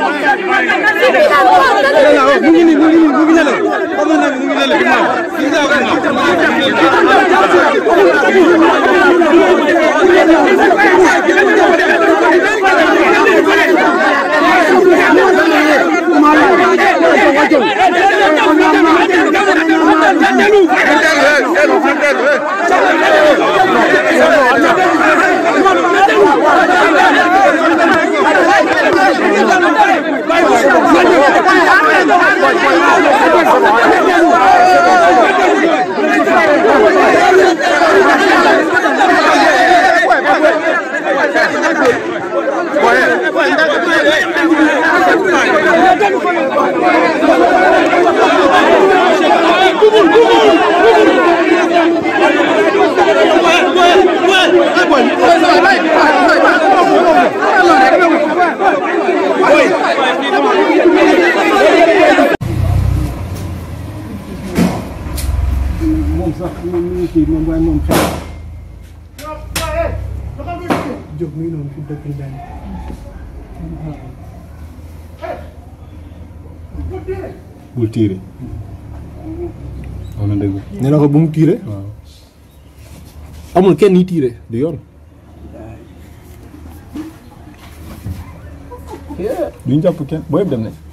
mu ngi nii mu ngi nii mu ngi ne la xam naa mu ngi ne la ginnaaw ginnaaw ginnaaw. moom sax moom mi ngi kii moom waaye moom xel. jóg mi ngi noonu fi dëkk bul tiire. wax na dëgg. nee na ko bu mu tiire. waaw amul kenn yi tiire du yoon. duñ jàpp kenn booy dem nañ.